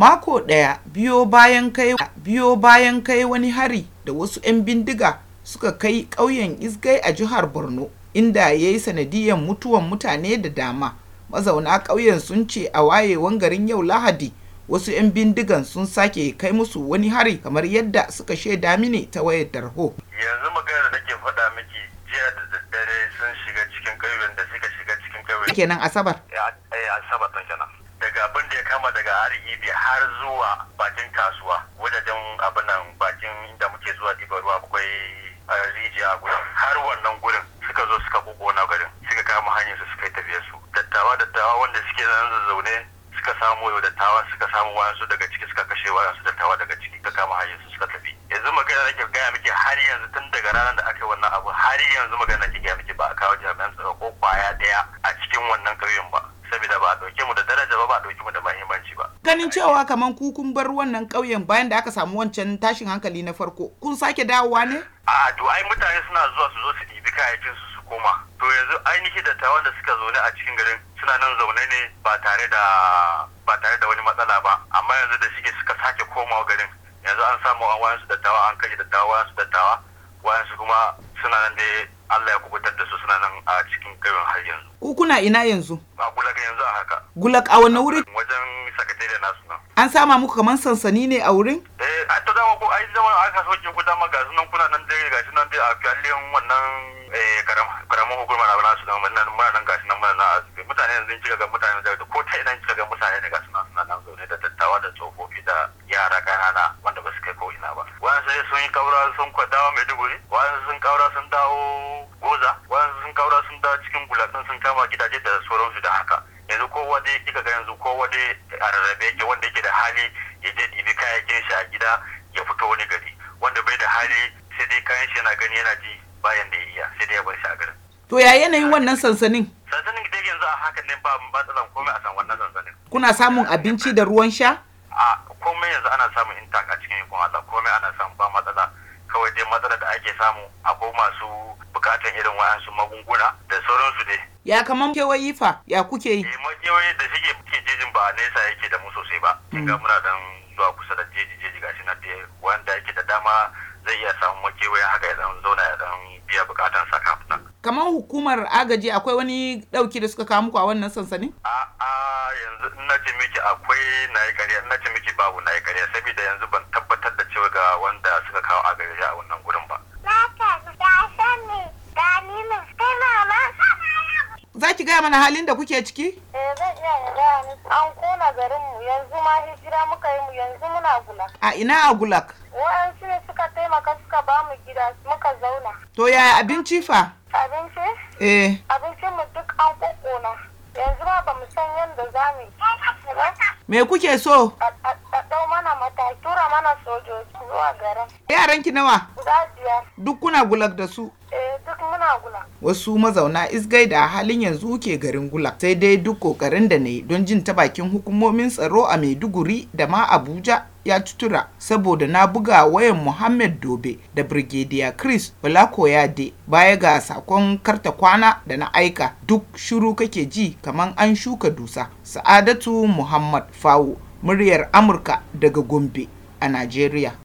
mako ɗaya biyo bayan kai wani hari da wasu 'yan bindiga suka kai ƙauyen isgai a jihar borno inda ya yi sanadiyar mutuwan mutane da dama mazauna ƙauyen sun ce a wayewan garin yau lahadi wasu 'yan bindigan sun sake kai musu wani hari kamar yadda suka shaida mini ta wayar da tarho yanzu magana da nake faɗa miki jiya da daddare sun shiga cikin ƙauyen da suka shiga cikin ƙauyen kenan asabar eh, asabar kenan daga abin da ya kama daga harin har zuwa bakin kasuwa wajajen abin nan bakin da muke zuwa ɗiba ruwa akwai rijiya a gurin har wannan gurin suka zo suka wani garin suka kama hanyar su suka yi tafiyar su dattawa dattawa wanda suke nan zazzaune suka samu dattawa suka samu wayansu daga ciki suka kashe wayansu dattawa daga ciki suka kama hanyar su suka tafi yanzu magana nake gaya miki har yanzu tun daga ranar da aka yi wannan abu har yanzu magana nake gaya miki ba a kawo jami'an tsaro ko kwaya daya a cikin wannan ƙauyen ba saboda ba a ɗauke mu ba a ɗauki mu da mahimmanci ba. Ganin cewa kamar ku kun bar wannan ƙauyen bayan da aka samu wancan tashin hankali na farko kun sake dawowa ne? A to ai mutane suna zuwa su zo su ɗibi kayayyakin su su koma. To yanzu ainihi dattawan da suka zaune a cikin garin suna nan zaune ne ba tare da ba tare da wani matsala ba amma yanzu da shi suka sake komawa garin yanzu an samu an wayansu dattawa an kashe dattawa wayansu dattawa wayansu kuma suna nan da Allah ya kubutar da su suna nan a cikin garin har yanzu. Ku kuna ina yanzu? A haka gulak a wani wuri wajen da nasu nan an sama muku kamar sansani ne a wurin eh a ta zama ko ai zaman aka ke ku dama gasu nan kuna nan dai gasu nan dai a kyallin wannan eh karamin hukumar na nasu nan mun nan muna nan ga sunan muna nan asibiti. mutane yanzu cika ga mutane da ko ta ina cika ga mutane gasu nan suna nan zaune da tattawa da tsofaffi da yara kanana wanda ba su kai ko'ina ba wani sai sun yi kaura sun kwadawa maiduguri wani sun kaura sun dawo goza wani sun kaura sun dawo cikin gulaɗin sun kama gidaje da sauransu da haka yanzu kowa dai kika ga yanzu kowa dai a rarrabe yake wanda yake da hali ya je ɗibi kayayyakin shi a gida ya fito wani gari wanda bai da hali sai dai kayan shi yana gani yana ji bayan da ya iya sai dai ya bar shi a garin. to ya yanayin wannan sansanin. sansanin da yanzu a hakan ne ba tsalan komai a san wannan sansanin. kuna samun abinci da ruwan sha. a komai yanzu ana samun intak a cikin ikon Allah komai ana samun ba matsala kawai dai matsala da ake samu akwai masu bukatan irin wayansu magunguna da sauransu dai ya kaman kewayi fa ya kuke yi eh kewayi da shige muke jejin ba nesa yake da mu sosai ba mm. kinga muna dan zuwa kusa da jeji jeji gashi na da wanda yake da dama zai iya samun makewaye haka ya dan zauna ya dan biya bukatan sa kafin kamar hukumar agaji akwai wani dauki da suka kawo muku a wannan sansani a a yanzu ina ce miki akwai na yi kariya ina ce miki babu na yi kariya saboda yanzu ban tabbatar da cewa ga wanda suka kawo agaji a wannan mana halin da kuke ciki? Eh zan iya yanzu an kona garinmu yanzu ma hijira muka yi mu yanzu muna gulak. A ina a gulak? Wa'ansu ne suka taimaka suka ba mu gida muka zauna. To yaya abinci fa? Abinci? Eh. Abincin mu duk an kokona. Yanzu ma ba mu san yadda za mu yi. Me kuke so? ɗau mana mata tura mana sojoji zuwa garin. Yaranki nawa? Guda biyar. Duk kuna gulak da su. Wasu mazauna Isgai da a halin yanzu ke garin gula. sai dai duk kokarin da na don jin ta bakin hukumomin tsaro a Maiduguri da ma Abuja ya tutura saboda na buga wayan Muhammad Dobe da Brigadier Chris ya de baya ga sakon karta kwana da na aika duk shuru kake ji kaman an shuka dusa. Sa'adatu Muhammad Fawo muryar Amurka daga Gombe a Najeriya.